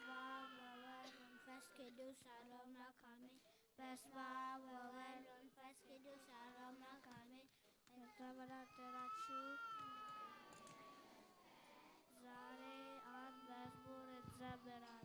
Vaveron, Fes Kiddush Shalom Lachamin. Fes Vaveron, Fes Kiddush Shalom Lachamin. And Tabara Terachu. Zare Ad Vesbur et zebra.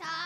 time.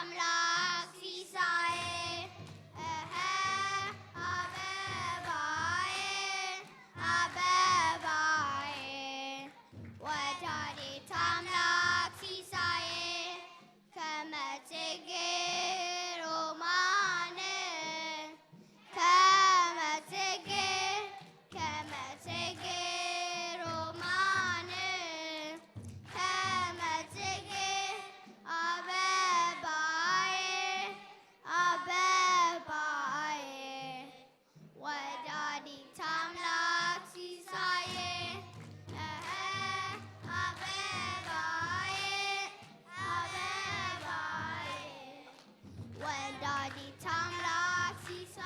And Daddy Tom likes his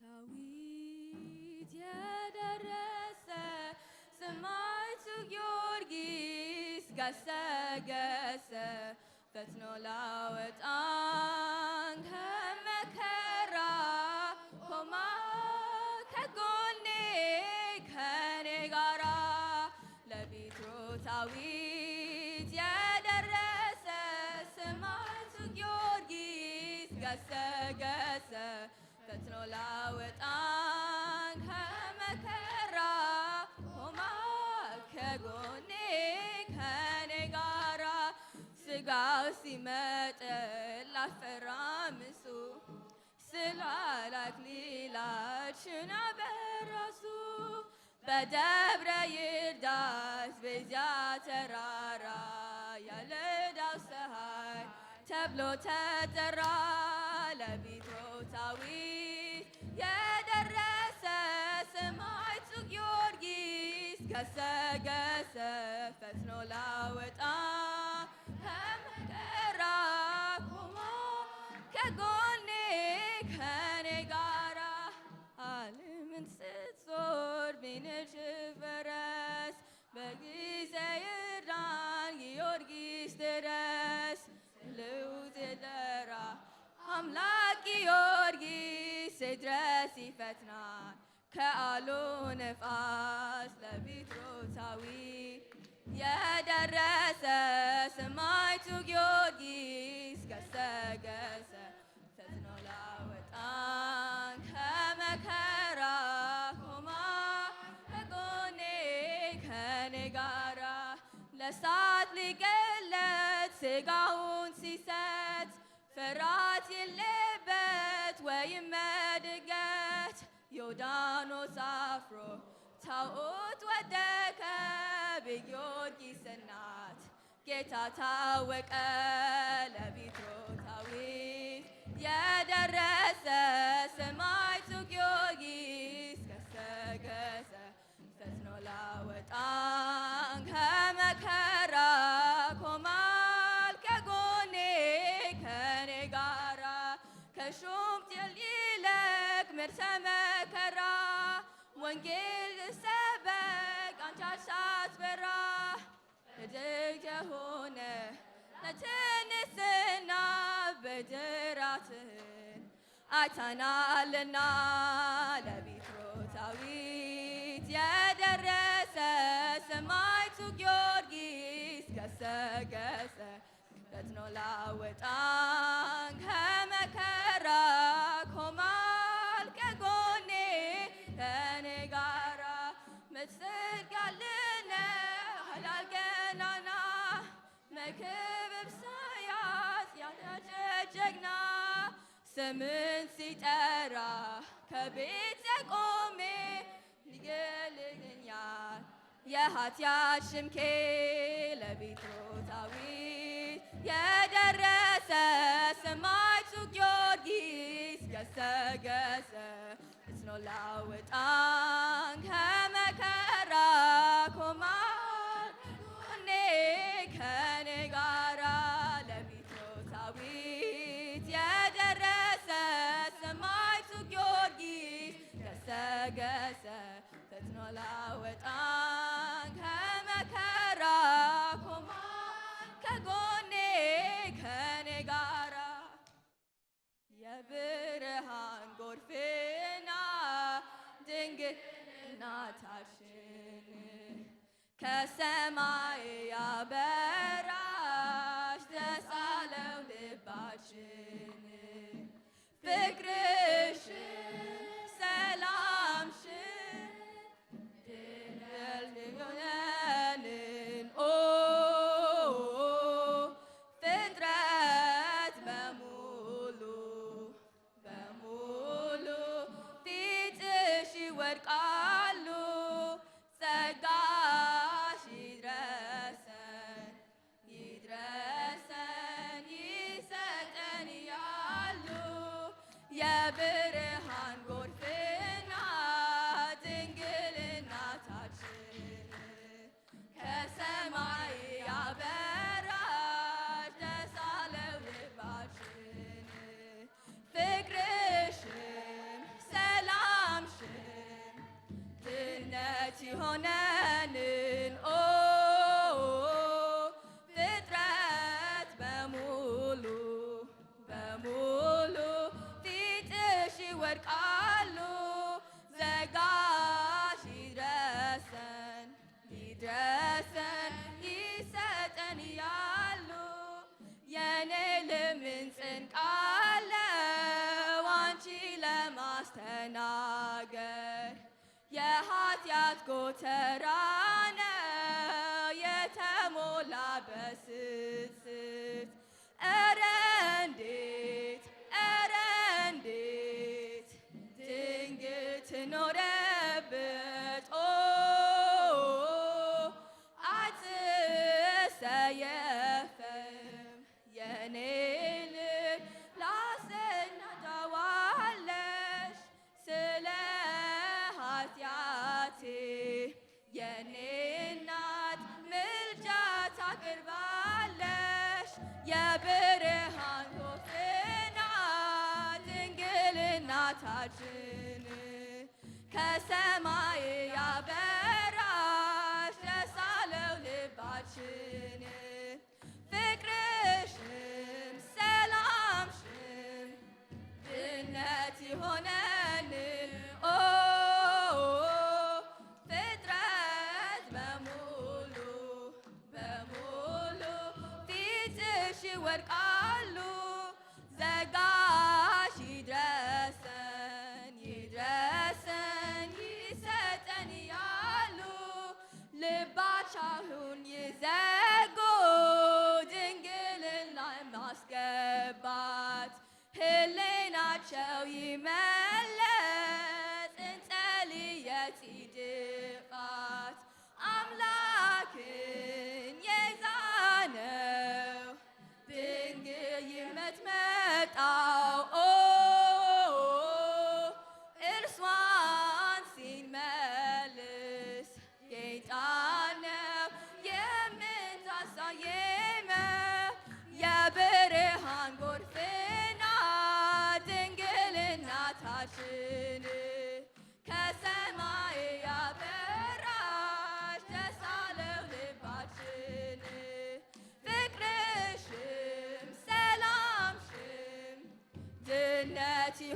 ዳዊት የደረሰ ሰማዕቱ ጊዮርጊስ ገሰገሰ ፈጥኖ ላወጣን ከመከራ ቆማ ከጎኔ ከኔ ጋራ ጭጋው ሲመጥል ላፈራም እሱ በደብረ ይርዳስ በዚያ ተራራ ያለ ተብሎ ተጠራ። ለቢቶታዊ የደረሰ ሰማዕት ጊዮርጊስ ገሰገሰ ፈጥኖ ላወጣ ሲፈትና ከአሎ ነፋስ ለቢትሮታዊ የደረሰ ሰማዕቱ ጊዮርጊስ ገሰገሰ ፈጥኖ ላወጣን ከመከራ ኮማ ከጎኔ ከኔ ጋራ ለሳት ሊገለት ሥጋውን ሲሰጥ ፍራት የለ ዮርዳኖስ አፍሮ ታቦት ወደቀ በጊዮርጊስ እናት ጌታ ታወቀ ለቢትሮታዊት የደረሰ ሰማዕቱ ጊዮርጊስ ገሰገሰ ፈጥኖ ላወጣን ወንጌል ልሰበክ አንቺ ሳትበራ ደግ የሆነ በትንስና በድራትን አይተናልና ለቤትሮታዊት የደረሰ ሰማዕቱ ጊዮርጊስ ገሰገሰ ፈጥኖ ላወጣን ስምን ሲጠራ ከቤት ቆሜ ይገልኛል የኃጢአት ሽምኬ ለቤትሮታዊት የደረሰ ሰማዕቱ ጊዮርጊስ ገሰገሰ እስኖላ ወጣን ከመከራ ኮማ ኔ ከኔ ጋራ ለቤትሮታዊት አላወጣን ከመከራ ኮማ ከጎኔ ከኔ ጋራ የብርሃን ጎርፍና ድንግል እናታችን ከሰማይ ያበራሽ ደስ ልባችን ፍቅርሽ ተራነ የተሞላ በስስ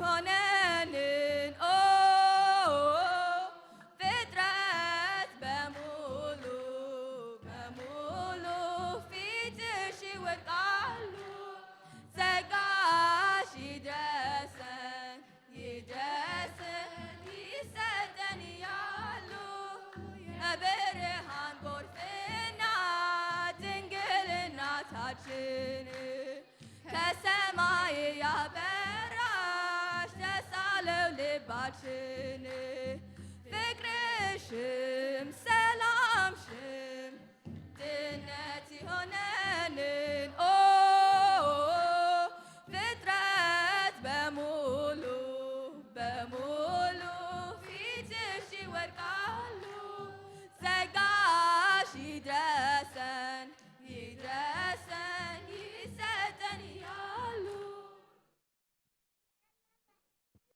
মনে ጌታችን ፍቅርሽ